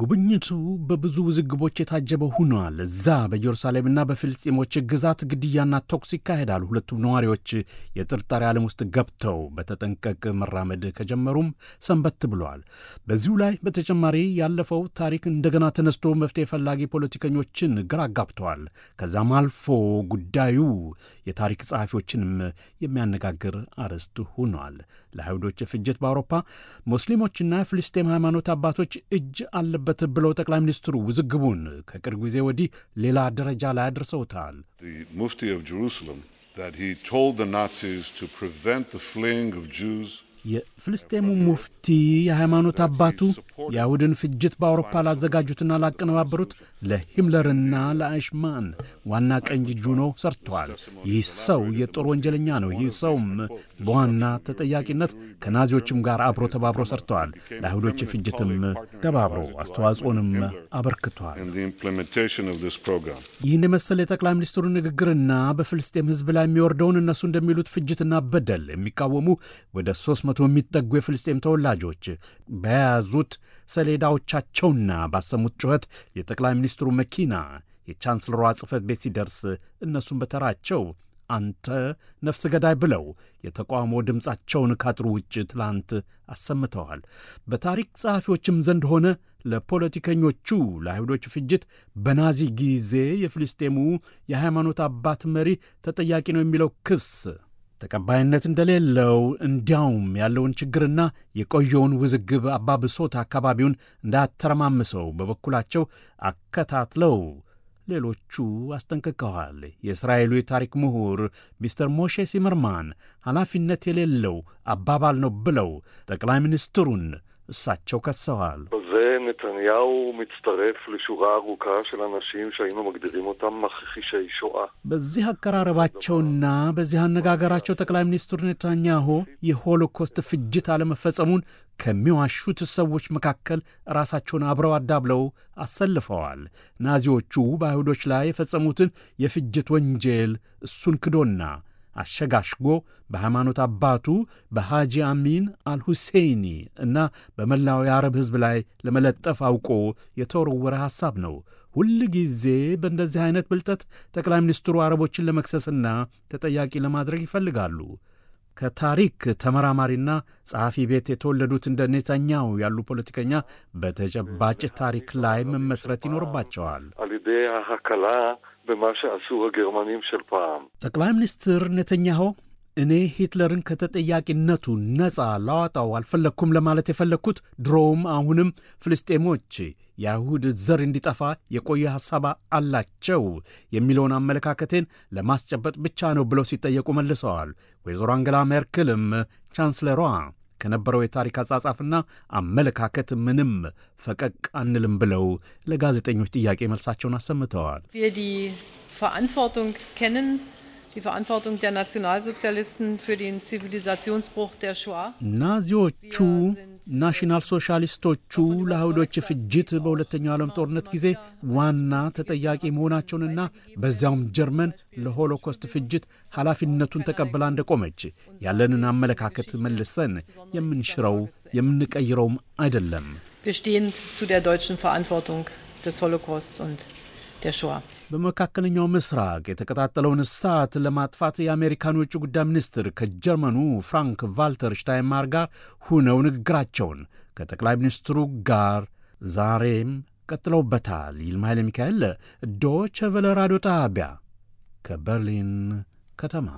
ጉብኝቱ በብዙ ውዝግቦች የታጀበ ሆኗል። እዛ በኢየሩሳሌምና በፊልስጢሞች ግዛት ግድያና ተኩስ ይካሄዳል። ሁለቱም ነዋሪዎች የጥርጣሬ ዓለም ውስጥ ገብተው በተጠንቀቅ መራመድ ከጀመሩም ሰንበት ብለዋል። በዚሁ ላይ በተጨማሪ ያለፈው ታሪክ እንደገና ተነስቶ መፍትሄ ፈላጊ ፖለቲከኞችን ግራ አጋብተዋል። ከዛም አልፎ ጉዳዩ የታሪክ ጸሐፊዎችንም የሚያነጋግር አርዕስት ሆኗል። ለአይሁዶች ፍጅት በአውሮፓ ሙስሊሞችና ፍልስጤም ሃይማኖት አባቶች እጅ አለ አለበት ብለው ጠቅላይ ሚኒስትሩ ውዝግቡን ከቅርብ ጊዜ ወዲህ ሌላ ደረጃ ላይ አድርሰውታል። ሙፍቲ ኦፍ ጀሩሳሌም ናዚስ ፕሪቨንት ፍሌይንግ ኦፍ ጁዝ የፍልስጤሙ ሙፍቲ የሃይማኖት አባቱ የአይሁድን ፍጅት በአውሮፓ ላዘጋጁትና ላቀነባበሩት ለሂምለርና ለአይሽማን ዋና ቀኝ እጁ ነው ይህ ሰው የጦር ወንጀለኛ ነው። ይህ ሰውም በዋና ተጠያቂነት ከናዚዎችም ጋር አብሮ ተባብሮ ሰርተዋል። ለአይሁዶች ፍጅትም ተባብሮ አስተዋጽኦንም አበርክቷል። ይህን የመሰለ የጠቅላይ ሚኒስትሩ ንግግርና በፍልስጤም ሕዝብ ላይ የሚወርደውን እነሱ እንደሚሉት ፍጅትና በደል የሚቃወሙ ወደ ሶስት መቶ የሚጠጉ የፍልስጤም ተወላጆች በያዙት ሰሌዳዎቻቸውና ባሰሙት ጩኸት የጠቅላይ ሚኒስትሩ መኪና የቻንስለሯ ጽፈት ቤት ሲደርስ እነሱም በተራቸው አንተ ነፍስ ገዳይ ብለው የተቃውሞ ድምፃቸውን ካጥሩ ውጭ ትላንት አሰምተዋል። በታሪክ ጸሐፊዎችም ዘንድ ሆነ ለፖለቲከኞቹ ለአይሁዶቹ ፍጅት በናዚ ጊዜ የፍልስጤሙ የሃይማኖት አባት መሪ ተጠያቂ ነው የሚለው ክስ ተቀባይነት እንደሌለው እንዲያውም ያለውን ችግርና የቆየውን ውዝግብ አባብሶት አካባቢውን እንዳተረማምሰው በበኩላቸው አከታትለው ሌሎቹ አስጠንቅቀዋል። የእስራኤሉ የታሪክ ምሁር ሚስተር ሞሼ ሲመርማን ኃላፊነት የሌለው አባባል ነው ብለው ጠቅላይ ሚኒስትሩን እሳቸው ከሰዋል። נתניהו מצטרף לשורה ארוכה של אנשים שהיינו מגדירים אותם מכחישי שואה. በዚህ አቀራረባቸውና በዚህ አነጋገራቸው ጠቅላይ ሚኒስትር ኔታንያሁ የሆሎኮስት ፍጅት አለመፈጸሙን ከሚዋሹት ሰዎች መካከል ራሳቸውን አብረው አዳብለው አሰልፈዋል። ናዚዎቹ በአይሁዶች ላይ የፈጸሙትን የፍጅት ወንጀል እሱን ክዶና አሸጋሽጎ በሃይማኖት አባቱ በሃጂ አሚን አልሁሴይኒ እና በመላው የአረብ ሕዝብ ላይ ለመለጠፍ አውቆ የተወረወረ ሐሳብ ነው። ሁል ጊዜ በእንደዚህ ዐይነት ብልጠት ጠቅላይ ሚኒስትሩ አረቦችን ለመክሰስና ተጠያቂ ለማድረግ ይፈልጋሉ። ከታሪክ ተመራማሪና ጸሐፊ ቤት የተወለዱት እንደ ኔታኛው ያሉ ፖለቲከኛ በተጨባጭ ታሪክ ላይ መመስረት ይኖርባቸዋል። במה שעשו הגרמנים של פעם. ጠቅላይ ሚኒስትር ኔተንያሁ እኔ ሂትለርን ከተጠያቂነቱ ነፃ ላዋጣው አልፈለግኩም ለማለት የፈለግኩት ድሮውም አሁንም ፍልስጤሞች የአይሁድ ዘር እንዲጠፋ የቆየ ሐሳብ አላቸው የሚለውን አመለካከቴን ለማስጨበጥ ብቻ ነው ብለው ሲጠየቁ መልሰዋል። ወይዘሮ አንገላ ሜርክልም ቻንስለሯ ከነበረው የታሪክ አጻጻፍና አመለካከት ምንም ፈቀቅ አንልም ብለው ለጋዜጠኞች ጥያቄ መልሳቸውን አሰምተዋል። die Verantwortung der Nationalsozialisten für den Zivilisationsbruch der Shoah. ናዚዎቹ ናሽናል ሶሻሊስቶቹ ለአይሁዶች ፍጅት በሁለተኛው ዓለም ጦርነት ጊዜ ዋና ተጠያቂ መሆናቸውንና በዚያውም ጀርመን ለሆሎኮስት ፍጅት ኃላፊነቱን ተቀብላ እንደቆመች ያለንን አመለካከት መልሰን የምንሽረው የምንቀይረውም አይደለም። Wir stehen zu der deutschen Verantwortung des Holocaust und ደሸዋ በመካከለኛው ምስራቅ የተቀጣጠለውን እሳት ለማጥፋት የአሜሪካን የውጭ ጉዳይ ሚኒስትር ከጀርመኑ ፍራንክ ቫልተር ሽታይንማር ጋር ሁነው ንግግራቸውን ከጠቅላይ ሚኒስትሩ ጋር ዛሬም ቀጥለውበታል። ይልማ ኃይለ ሚካኤል ዶቸ ቨለ ራዲዮ ጣቢያ ከበርሊን ከተማ